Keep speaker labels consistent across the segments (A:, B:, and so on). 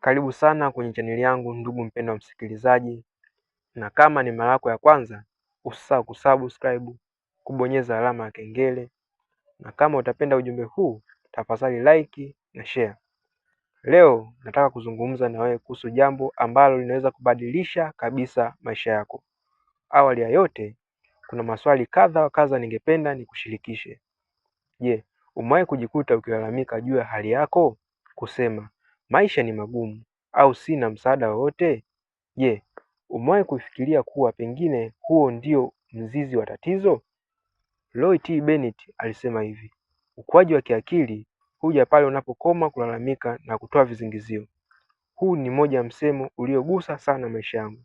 A: Karibu sana kwenye chaneli yangu ndugu mpendwa msikilizaji, na kama ni mara yako ya kwanza, usisahau kusubscribe, kubonyeza alama ya kengele, na kama utapenda ujumbe huu, tafadhali like na share. Leo nataka kuzungumza na wewe kuhusu jambo ambalo linaweza kubadilisha kabisa maisha yako. Awali ya yote, kuna maswali kadha wa kadha ningependa nikushirikishe. Je, umewahi kujikuta ukilalamika juu ya hali yako, kusema maisha ni magumu au sina msaada wowote? Je, umewahi kufikiria kuwa pengine huo ndio mzizi wa tatizo? Roy T. Bennett alisema hivi, ukuaji wa kiakili huja pale unapokoma kulalamika na kutoa vizingizio Huu ni moja ya msemo uliogusa sana maisha yangu.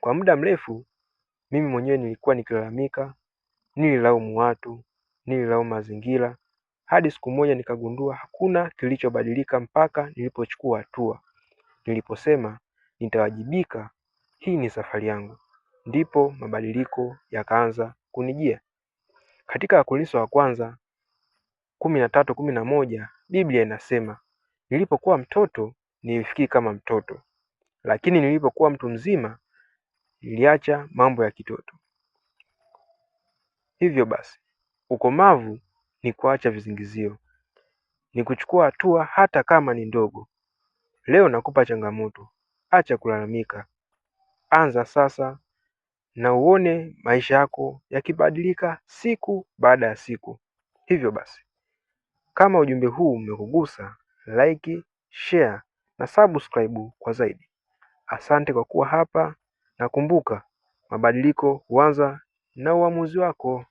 A: Kwa muda mrefu, mimi mwenyewe nilikuwa nikilalamika, nililaumu watu, nililaumu mazingira, hadi siku moja nikagundua hakuna kilichobadilika mpaka nilipochukua hatua, niliposema nitawajibika, hii ni safari yangu, ndipo mabadiliko yakaanza kunijia. Katika Wakorintho wa kwanza kumi na tatu kumi na moja Biblia inasema, nilipokuwa mtoto nilifikiri kama mtoto, lakini nilipokuwa mtu mzima niliacha mambo ya kitoto. Hivyo basi ukomavu ni kuacha visingizio, ni kuchukua hatua hata kama ni ndogo. Leo nakupa changamoto, acha kulalamika, anza sasa na uone maisha yako yakibadilika siku baada ya siku. Hivyo basi, kama ujumbe huu umekugusa, like, share na subscribe kwa zaidi. Asante kwa kuwa hapa na kumbuka, mabadiliko huanza na uamuzi wako.